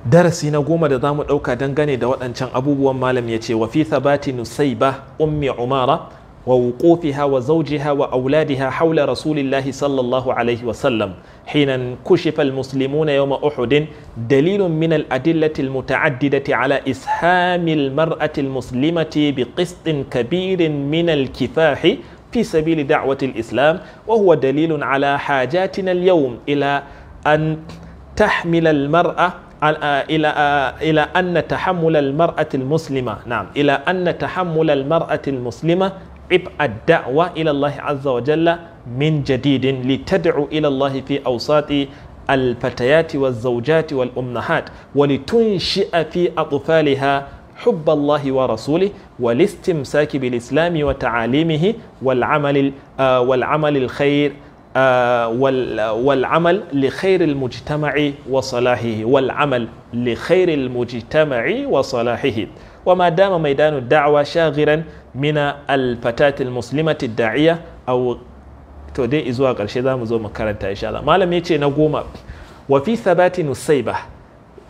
darasi na goma da za mu ɗauka dangane da waɗancan abubuwan malam ya ce wa fi thabati nusaiba ummi umara ووقوفها وزوجها واولادها حول رسول الله صلى الله عليه وسلم حين انكشف المسلمون يوم احد دليل من الادله المتعدده على اسهام المراه المسلمه بقسط كبير من الكفاح في سبيل دعوه الاسلام وهو دليل على حاجاتنا اليوم الى ان تحمل المراه إلى إلى أن تحمل المرأة المسلمة نعم إلى أن تحمل المرأة المسلمة عبء الدعوة إلى الله عز وجل من جديد لتدعو إلى الله في أوساط الفتيات والزوجات والأمهات ولتنشئ في أطفالها حب الله ورسوله والاستمساك بالإسلام وتعاليمه والعمل آه، والعمل الخير آه، والعمل لخير المجتمع وصلاحه والعمل لخير المجتمع وصلاحه وما دام ميدان الدعوة شاغرا mina alfatatil muslimati da'iya aw to dai zuwa karshe za mu zo mu karanta insha Allah malam yace na goma wa fi thabati nusayba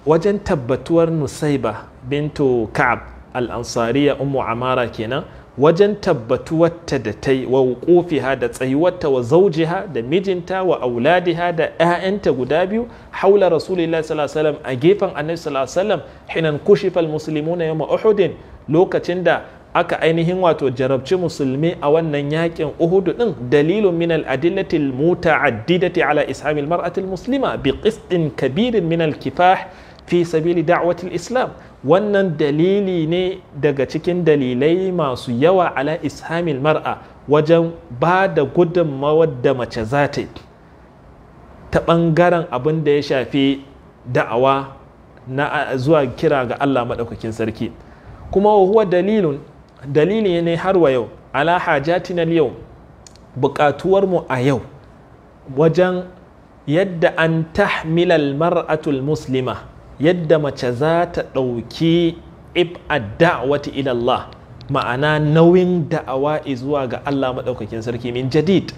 wajen tabbatuwar nusayba bintu ka'ab al-ansariya ummu amara kenan wajen tabbatuwarta da ta wa wukufiha da tsayuwarta wa zaujiha da mijinta wa auladiha da 'ya'yanta guda biyu haula rasulillahi sallallahu alaihi wasallam a gefen annabi sallallahu alaihi wasallam hinan kushifal muslimuna yawma uhudin lokacin da aka ainihin wato jarabci musulmi a wannan yakin uhudu din dalilun min al-adillati al-muta'addidati ala ishamil mar'atil muslima bi qistin kabirin min al-kifah fi sabili da'watil islam wannan dalili ne daga cikin dalilai masu yawa ala ishamil mar'a wajen ba da gudunmawar da mace za ta ta ɓangaren abin da ya shafi da'awa na zuwa kira ga Allah maɗaukakin sarki kuma huwa dalilun dalili ne har wa yau ala na yau mu a yau wajen yadda an tahmilal mar'atul muslima yadda mace za ta ɗauki ib'ad da'wati ila ma'ana nauyin da'awa zuwa ga Allah maɗaukakin sarki min jadid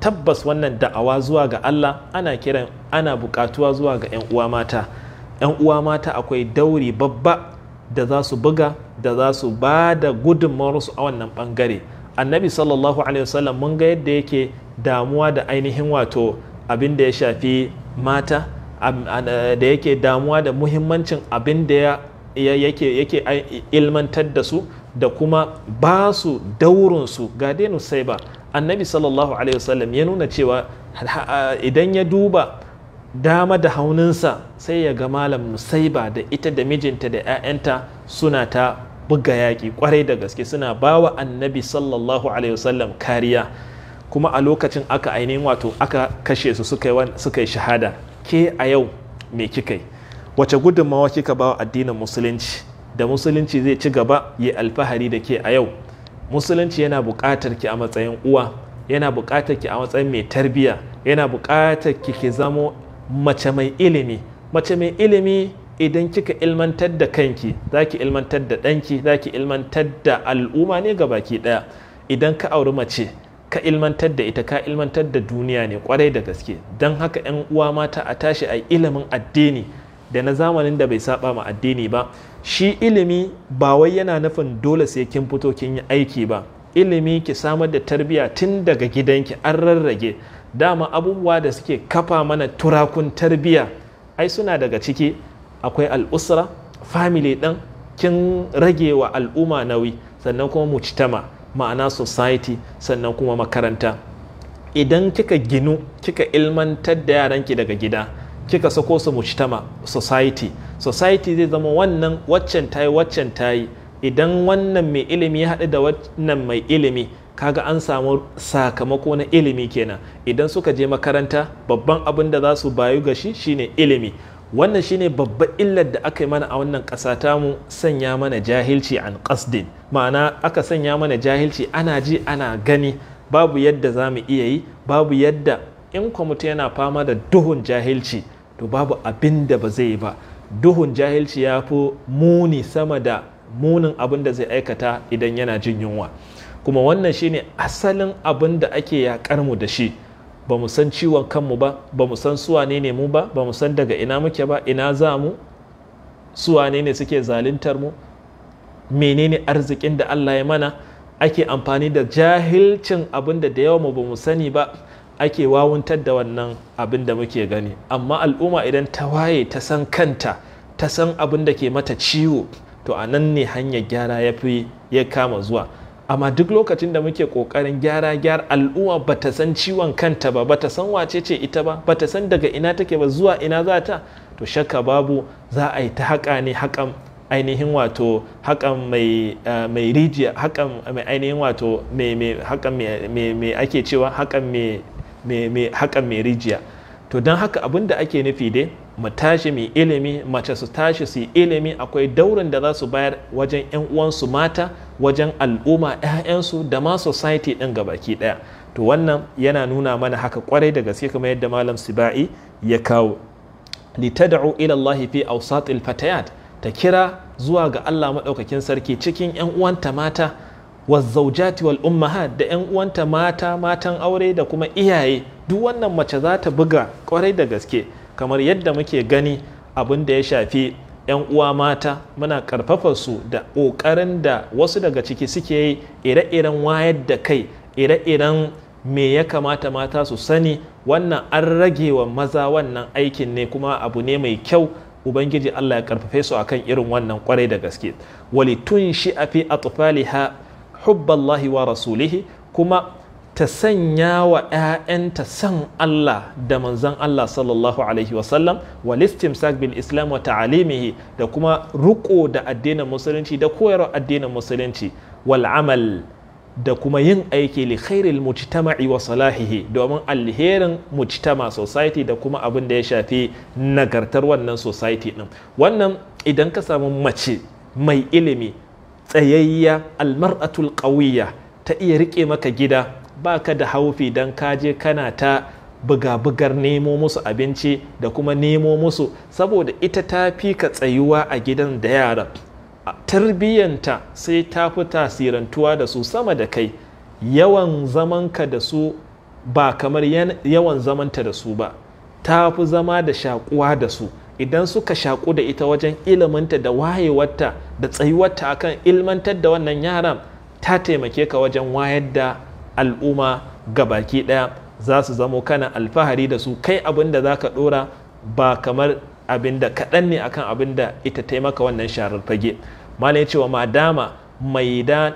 tabbas wannan da'awa zuwa ga Allah ana kiran ana buƙatuwa zuwa ga 'yan uwa mata 'yan uwa mata akwai dauri babba da za su buga da za su ba da gudunmawarsu a wannan bangare annabi sallallahu alaihi wasallam mun ga yadda yake damuwa da ainihin wato abin da ya shafi mata eh, da yake damuwa da muhimmancin abin da yake ilmantar da su da kuma ba su daurinsu ga denu sai ba annabi sallallahu alaihi wasallam ya nuna cewa idan ya duba dama da hauninsa sai ya ga malam musaiba da ita da mijinta da 'ya'yanta suna ta buga yaƙi kwarai da gaske suna ba wa annabi sallallahu alaihi wasallam kariya kuma a lokacin aka ainihin wato aka kashe su suka yi shahada ke a yau me kika yi wace gudunmawa kika ba wa addinin musulunci da musulunci zai ci gaba ya alfahari da ke a yau musulunci yana buƙatar ki a matsayin uwa yana buƙatar ki a matsayin mai tarbiyya yana buƙatar ki ki zamo mace mai ilimi mace mai ilimi idan kika ilmantar da kanki za ki ilmantar da ɗanki ki ilmantar da al'umma ne ga baki ɗaya idan ka auri mace ka ilmantar da ita ka ilmantar da duniya ne kwarai da gaske don haka 'yan uwa mata a tashi a ilimin addini da na zamanin da bai saba ma addini ba shi ilimi ba wai yana nufin dole sai kin fito kin yi aiki ba ilimi ki samar da tarbiyya tun daga gidanki an rarrage dama abubuwa da suke kafa mana turakun tarbiya ai suna daga ciki akwai al'usra family ɗin kin rage wa al'umma nauyi sannan kuma mujtama ma'ana society sannan kuma makaranta idan kika ginu kika ilmantar da yaranki daga gida kika sako su mujtama society society zai zama wannan waccan tayi waccan tayi idan wannan mai ilimi ya haɗu da wannan mai ilimi kaga an samu sakamako na ilimi kenan idan suka je makaranta babban abin da za su bayu ga shi shine ilimi wannan shine babban illar da aka yi mana a wannan ƙasa mu sanya mana jahilci an qasdin ma'ana aka sanya mana jahilci ana ji ana gani babu yadda za mu iya yi babu yadda in kwamiti yana fama da duhun jahilci to babu abin da ba zai yi ba duhun jahilci ya fi muni sama da munin abin da zai aikata idan yana jin yunwa kuma wannan shine asalin abin da ake yakar mu da shi ba mu san ciwon kanmu ba ba mu san suwane ne mu ba ba mu san daga ina muke ba ina za mu suwane ne suke zaluntar mu menene arzikin da Allah ya mana ake amfani da jahilcin abin da da yawa mu ba mu sani ba ake wawuntar da wannan abin da muke gani amma al'umma idan ta waye ta san kanta ta san abin da ke mata ciwo to a nan ne hanyar gyara ya fi ya kama zuwa amma duk lokacin da muke kokarin gyara gyara al'umma bata san ciwon kanta ba bata san wace ce ita ba bata san daga ina take ba zuwa ina za ta to shakka babu za a yi ta haƙa ne haƙan ainihin wato haƙan mai eh, rijiya haƙan mai ainihin wato mai ake cewa haƙan mai haƙan mai rijiya to don haka abin da ake nufi dai mu tashi mu ilimi mace su tashi su ilimi akwai daurin da za su bayar wajen 'yan uwansu mata wajen al'umma 'ya'yansu da ma society ɗin gabaki ɗaya to wannan yana nuna mana haka kwarai da gaske kamar yadda malam sibai ya kawo litad'u ila Allah fi awsatil fatayat ta kira zuwa ga Allah madaukakin sarki cikin 'yan uwanta mata wazzaujati wal ummahat da 'yan uwanta mata matan aure da kuma iyaye duk wannan mace za ta buga kwarai da gaske kamar yadda muke gani abin da ya shafi 'yan uwa mata muna karfafa su da ƙoƙarin da wasu daga ciki suke yi ire-iren wayar da kai ire-iren me ya kamata mata su sani wannan an rage wa maza wannan aikin ne kuma abu ne mai kyau ubangiji allah ya karfafe su akan irin wannan kwarai da gaske walitun shi a fi atfaliha hubballahi wa rasulihi kuma ta sanya wa 'ya'yanta san Allah da manzan Allah sallallahu alaihi wasallam wa listin bil islam wa ta'alimihi da kuma ruko da addinin musulunci da koyarwa addinin musulunci wal'amal da kuma yin aiki li khairil mujtama'i wa salahihi domin alherin mujtama society da kuma abin da ya shafi nagartar wannan society din wannan idan ka samu mace mai ilimi tsayayya almar'atul qawiyya ta iya rike maka gida ba ka da haufi don kaje kana ta buga-bugar nemo musu abinci da kuma nemo musu saboda ita ta fi ka tsayuwa a gidan da yara tarbiyyanta sai ta fi tasirantuwa da su sama da kai yawan zamanka da su ba kamar yawan zamanta da su ba ta fi zama da shakuwa da su idan suka shaku da ita wajen ilminta da wayewarta da tsayuwarta akan ilmantar da wannan yaran ta taimake ka wajen wayar da al'umma baki ɗaya za su zamo kana alfahari da su kai abin da za ka ɗora ba kamar abin da kaɗan ne akan abin da ita taimaka wannan sharar fage malam ya ce wa madama maidan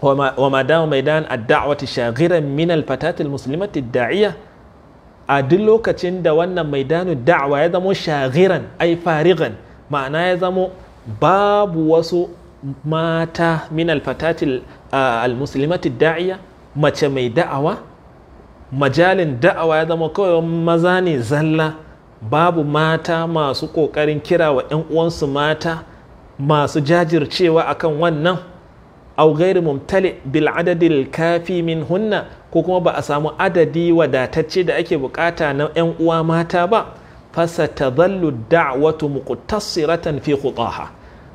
wa madama maidan ad min al a duk lokacin da wannan maidanu da'awa ya zamo shagiran ai farigan ma'ana ya zamo babu wasu mata min al al mace mai da'awa majalin da'awa ya zama kawai maza ne zalla babu mata masu ƙoƙarin kira wa 'yan uwansu mata masu jajircewa akan wannan au mumtali bil adadil kafi min hunna ko kuma ba a samu adadi wadatacce da ake bukata na 'yan uwa mata ba fasa ta zallu da'awatu muqtasiratan fi khutaha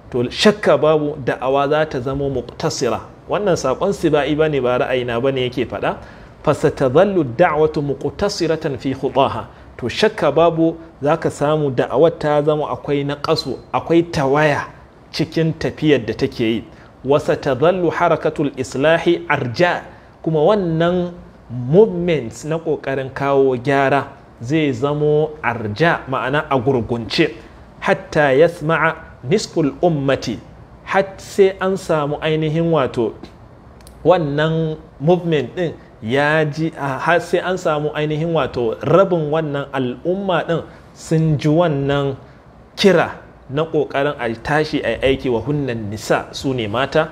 to shakka babu da'awa za ta zama muqtasira wannan saƙon siba'i ne ba ra'ayina ne yake faɗa fasatadhallu da'watu muqtasiratan fi khutaha to shakka babu zaka samu da'awar ta zama akwai naƙasu akwai tawaya cikin tafiyar da take yi wasa tazallu harakatul islahi arja kuma wannan movement na ƙoƙarin kawo gyara zai zamo arja ma'ana a gurgunce hatta yasma'a nisful ummati har sai an samu ainihin wato wannan movement din ya ji har sai an samu ainihin wato rabin wannan al'umma din sun ji wannan kira na ƙoƙarin a tashi a aiki wa hunnan nisa su ne mata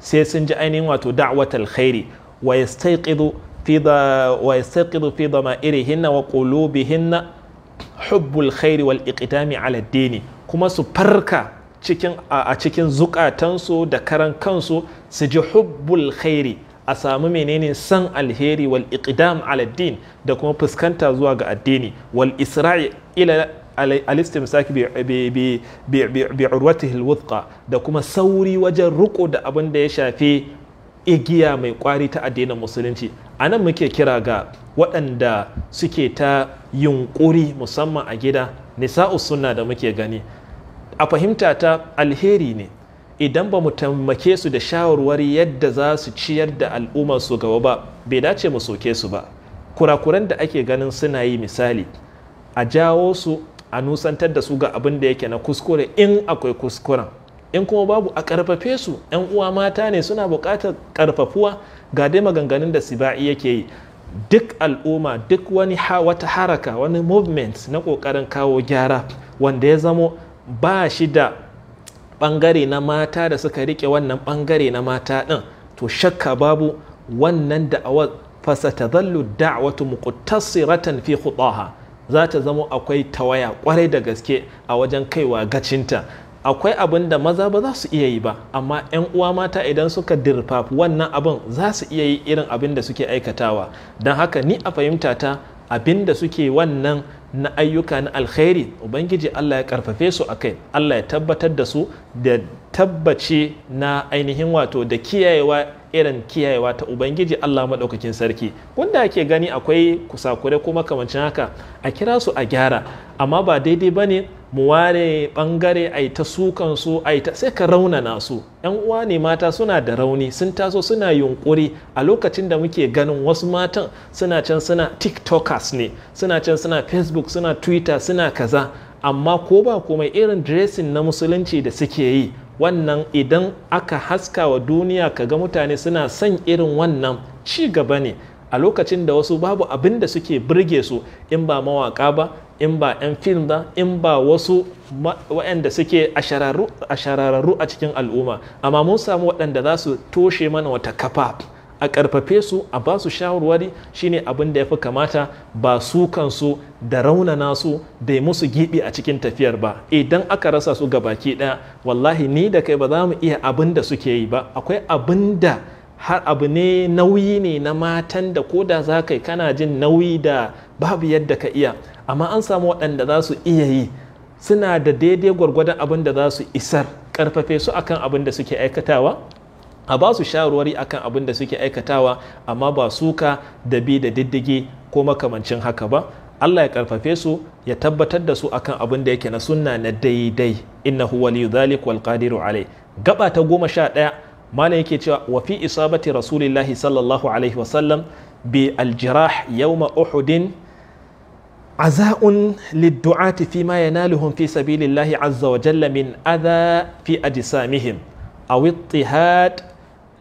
sai sun ji ainihin wato da'wat alkhairi wa yastayqidu fi da wa yastayqidu fi dama'irihinna wa qulubihinna hubbul khairi wal iqdami ala dini kuma su farka cikin a cikin zukatansu da karan kansu su ji hubbul khairi a samu menene san alheri wal iqdam ala din da kuma fuskanta zuwa ga addini wal isra'i ila alistim saki bi bi urwatihi da kuma sauri wajen riko da abin da ya shafi igiya mai kwari ta addinin musulunci anan muke kira ga waɗanda suke ta yunƙuri musamman a gida nisa'u sunna da muke gani a fahimta ta alheri ne idan ba mu taimake su da shawarwari yadda za su ciyar da al'ummar su gaba ba bai dace mu soke su ba kurakuran da ake ganin suna yi misali a jawo su a nusantar da su ga abin da yake na kuskure in akwai kuskuren in kuma babu a karfafe su yan uwa mata ne suna bukatar karfafuwa ga dai maganganun da siba'i yake yi duk al'umma duk wani wata haraka wani movement na kokarin kawo gyara wanda ya zamo ba shi da ɓangare na mata da suka riƙe wannan ɓangare na mata ɗin to shakka babu wannan da'awar wata da'watu muqtasiratan fi khutaha za ta zama akwai tawaya kwarai da gaske a wajen kaiwa gacinta akwai abin da maza ba za su iya yi ba amma 'yan uwa mata idan suka dirfafi wannan abin za su iya yi irin abin da suke aikatawa don haka ni a fahimta ta abin da suke wannan na ayyuka na alkhairi ubangiji Allah ya karfafe su a kai Allah ya tabbatar da su da tabbaci na ainihin wato da kiyayewa irin kiyayewa ta ubangiji Allah maɗaukakin sarki wanda ake gani akwai kusakure kuma makamancin haka a kira su a gyara amma ba daidai ba ne mu ware bangare a ta sukan su a ta sai ka raunana su yan uwa ne mata suna da rauni sun taso suna yunƙuri a lokacin da muke ganin wasu matan suna can suna tiktokers ne suna can suna facebook suna twitter suna kaza amma ko ba komai irin dressing na musulunci da suke yi wannan idan aka haska wa duniya ga mutane suna son irin wannan ci gaba ne a lokacin da wasu babu abin da suke birge su in ba mawaka ba in ba 'yan fim ba in ba wasu waɗanda suke shararru a cikin al'umma amma mun samu waɗanda za su toshe mana wata kafa a ƙarfafe su a ba su shawarwari shine abin da ya fi kamata ba su kansu da raunana su da yi musu gibi a cikin tafiyar ba idan aka rasa su ga baki ɗaya wallahi ni da kai ba za mu iya abin da suke yi ba akwai abin da har abu ne nauyi ne na matan da ko da za ka yi kana jin nauyi da babu yadda ka iya amma an samu waɗanda za su iya yi suna da daidai gwargwadon abin da za su isar ƙarfafe su akan abin da suke aikatawa a ba su shawarwari akan abin da suke aikatawa amma ba suka da bi da diddige ko makamancin haka ba Allah ya karfafe su ya tabbatar da su akan abin da yake na sunna na daidai innahu waliyu dhalik wal qadiru alai gaba ta goma sha ɗaya malam yake cewa wa fi isabati rasulillahi sallallahu alaihi sallam, bi aljirah yawma uhudin عزاء للدعاة فيما ينالهم في sabilillahi الله عز وجل من أذى في أجسامهم أو اضطهاد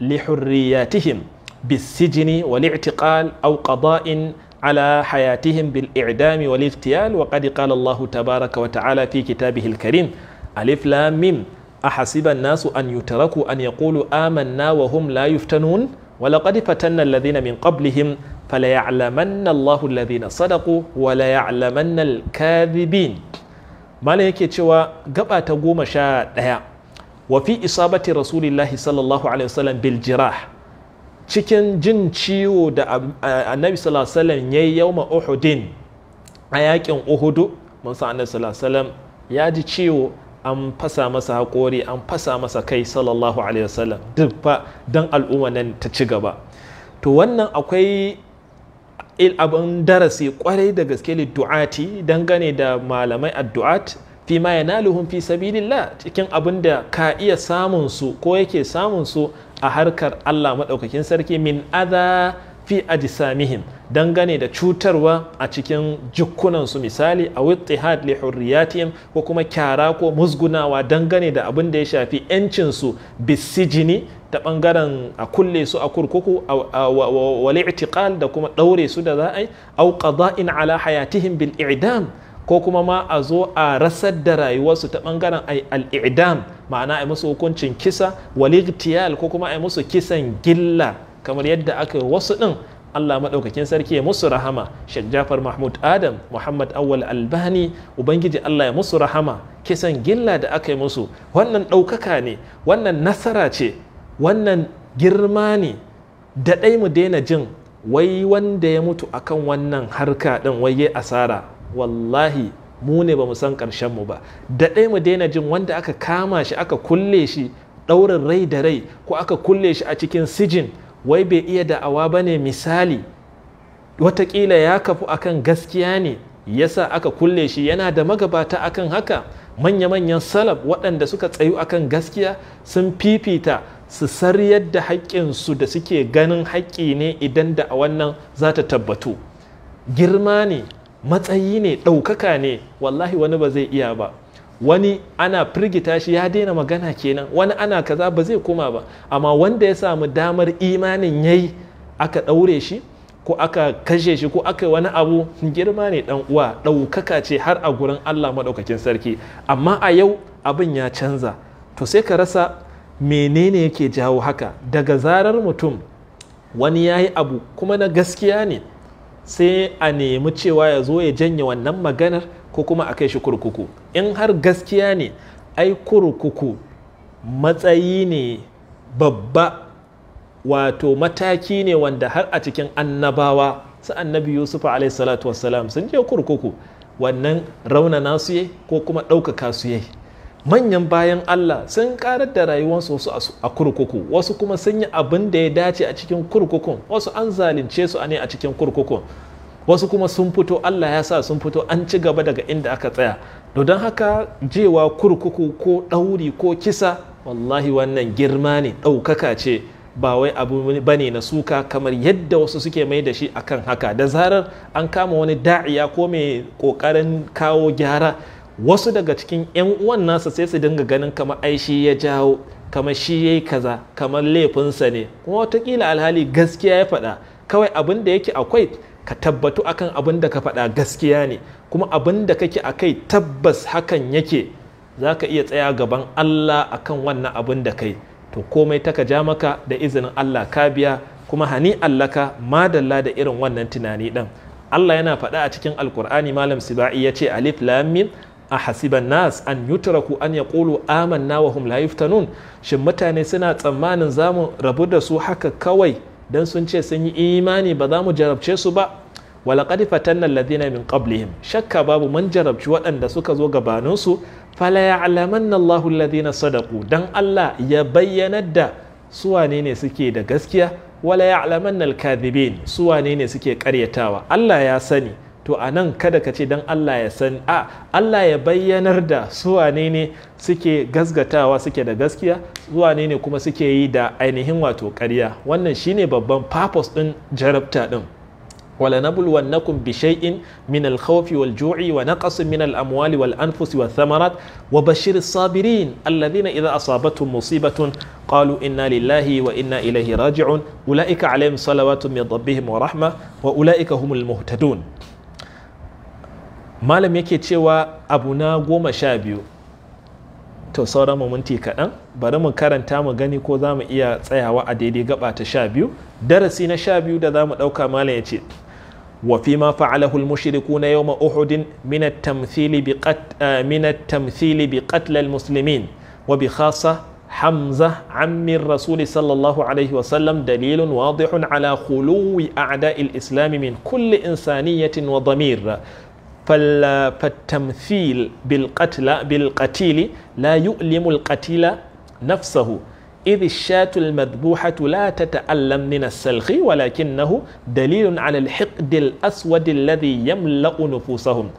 لحرياتهم بالسجن والاعتقال أو قضاء على حياتهم بالإعدام والاغتيال وقد قال الله تبارك وتعالى في كتابه الكريم ألف لام ميم أحسب الناس أن يتركوا أن يقولوا آمنا وهم لا يفتنون ولقد فتنا الذين من قبلهم فليعلمن الله الذين صدقوا وليعلمن الكاذبين ما yake cewa gaba ta goma sha ɗaya wa fi isabati rasulillahi sallallahu alaihi wasallam bil jirah cikin jin ciwo da annabi sallallahu alaihi wasallam yayi yawma uhudin a yakin uhudu mun san annabi sallallahu alaihi wasallam ya ji ciwo an fasa masa haƙori an fasa masa kai sallallahu alaihi wasallam duk fa dan al'umma nan ta ci gaba to wannan akwai abin darasi kwarai da gaske du'ati dangane da malamai addu'at fi ma naluhun fi sabilillah cikin abin da ka iya samun su ko yake samun su a harkar Allah madaukakin sarki min adha fi ajsamihim dangane da cutarwa a cikin jukkunansu misali a wittihad li hurriyatihim ko kuma kyara ko musgunawa dangane da abin da ya shafi yancin su bisijini ta bangaren a kulle su a kurkuku wal i'tiqal da kuma daure su da za yi au qada'in ala hayatihim bil i'dam ko kuma ma a zo a rasar da rayuwarsu ta bangaren al'idam ma'ana a musu hukuncin kisa waligtiyal ko kuma ai musu kisan gilla kamar yadda aka yi wasu ɗin Allah maɗaukakin sarki ya musu rahama Sheikh Jafar Mahmud Adam Muhammad Awal Albani Ubangiji Allah ya musu rahama kisan gilla da aka yi musu wannan ɗaukaka ne wannan nasara ce wannan girma ne da ɗai mu daina jin wai wanda ya mutu akan wannan harka ɗin wai ya asara wallahi mu ne ba mu san ƙarshen mu ba da ɗaya mu daina jin wanda aka kama shi aka kulle shi ɗaurin rai da rai ko aka kulle shi a cikin sijin wai bai iya da'awa ba ne misali watakila ya kafu akan gaskiya ne yasa aka kulle shi yana da magabata akan haka manya-manyan salaf waɗanda suka tsayu akan gaskiya sun fifita su sariyar da haƙƙinsu da suke ganin haƙƙi ne idan da a wannan za ta tabbatu girma ne matsayi ne ɗaukaka ne wallahi wani ba zai iya ba wani ana firgita shi ya daina magana kenan wani ana kaza ba zai koma ba amma wanda ya samu damar imanin yayi aka ɗaure shi ko aka kashe shi ko aka wani abu girma ne ɗan uwa ɗaukaka ce har a gurin Allah maɗaukakin sarki amma a yau abin ya canza to sai ka rasa menene yake jawo haka daga zarar mutum wani ya yi abu kuma na gaskiya ne sai a nemi cewa ya zo ya janye wannan maganar ko kuma a kai shi kurkuku in har gaskiya ne ai kurkuku matsayi ne babba wato mataki ne wanda har a cikin annabawa su annabi yusuf alaihi salatu wassalam sun je kurkuku wannan raunana su ko kuma ɗaukaka su yayi manyan bayan Allah sun karar da rayuwar wasu a kurkuku wasu kuma sun yi abin da ya dace a cikin kurkukun wasu an zalunce su a ne a cikin kurkukun wasu kuma sun fito Allah ya sa sun fito an ci gaba daga inda aka tsaya to don haka jewa kurkuku ko ɗauri ko kisa wallahi wannan girma ne ɗaukaka ce ba wai abu bane na suka kamar yadda wasu suke mai da shi akan haka da zarar an kama wani da'iya ko mai ƙoƙarin kawo gyara wasu daga cikin 'yan uwan nasa sai su dinga ganin kama ai shi ya jawo kamar shi ya yi kaza kamar laifinsa ne kuma watakila alhali gaskiya ya faɗa kawai abin da yake akwai ka tabbatu akan abin da ka faɗa gaskiya ne kuma abin da kake a kai tabbas hakan yake za ka iya tsaya gaban Allah akan wannan abin da kai to komai taka ja maka da izinin Allah ka biya kuma hani allaka madalla da irin wannan tunani ɗin Allah yana faɗa a cikin alkur'ani malam siba'i ya ce alif lam a hasiban nas an yutraku an ƙulu amanna wa hum la yuftanun shin mutane suna tsammanin za mu rabu da su haka kawai dan sun ce sun yi imani ba za mu jarabce su ba walaqad fatanna alladhina min qablihim shakka babu mun jarabci waɗanda suka zo gabanin su fala ya'lamanna Allahu alladhina sadaqu dan Allah ya bayyana da su wane ne suke da gaskiya wala ya'lamanna al-kadhibin su wanene ne suke karyatawa Allah ya sani to a nan kada ka ce don Allah ya san a Allah ya bayyanar da suwane ne suke gasgatawa suke da gaskiya suwane ne kuma suke yi da ainihin wato karya wannan shine babban purpose din jarabta din wala nabluwannakum bi shay'in min al-khawfi wal ju'i wa naqsin min al-amwali wal anfusi wa thamarat wa bashir as-sabirin alladhina idha asabatuhum musibatun qalu inna lillahi wa inna ilayhi raji'un ulaika alayhim salawatun min rabbihim wa rahma wa ulaika humul muhtadun malam yake cewa abu na goma sha biyu to sauran mu minti kaɗan bari mu karanta mu gani ko za iya tsayawa a daidai gaba sha biyu darasi na sha biyu da za mu ɗauka malam ya ce wa fi ma fa'alahu yawma uhudin min at-tamthili bi eh, min at-tamthili bi qatl al-muslimin wa bi khassa حمزة عم الرسول صلى الله عليه وسلم دليل واضح على خلو أعداء الإسلام من كل فالتمثيل بالقتل بالقتيل لا يؤلم القتيل نفسه إذ الشاة المذبوحة لا تتألم من السلخ ولكنه دليل على الحقد الأسود الذي يملأ نفوسهم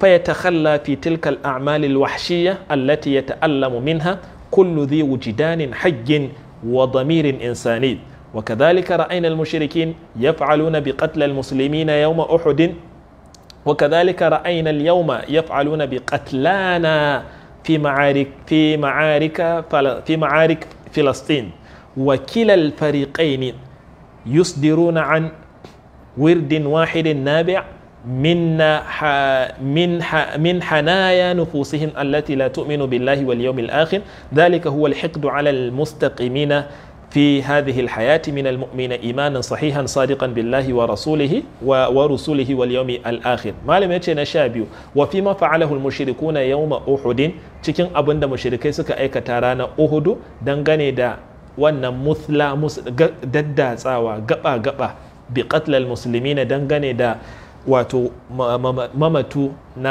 فيتخلى في تلك الأعمال الوحشية التي يتألم منها كل ذي وجدان حي وضمير إنساني وكذلك رأينا المشركين يفعلون بقتل المسلمين يوم أحد وكذلك رأينا اليوم يفعلون بقتلانا في معارك في معارك في معارك فلسطين وكلا الفريقين يصدرون عن ورد واحد نابع من من من حنايا نفوسهم التي لا تؤمن بالله واليوم الاخر ذلك هو الحقد على المستقيمين في هذه الحياة من المؤمن إيمانا صحيحا صادقا بالله ورسوله ورسوله واليوم الآخر ما لم يتشي نشابيو وفيما فعله المشركون يوم أحد تكين أبن دا مشركي سكا أيكا تارانا أحد دنغاني دا وانا مثلا ددا ساوا غبا غبا بقتل المسلمين دنغاني دا واتو ممتو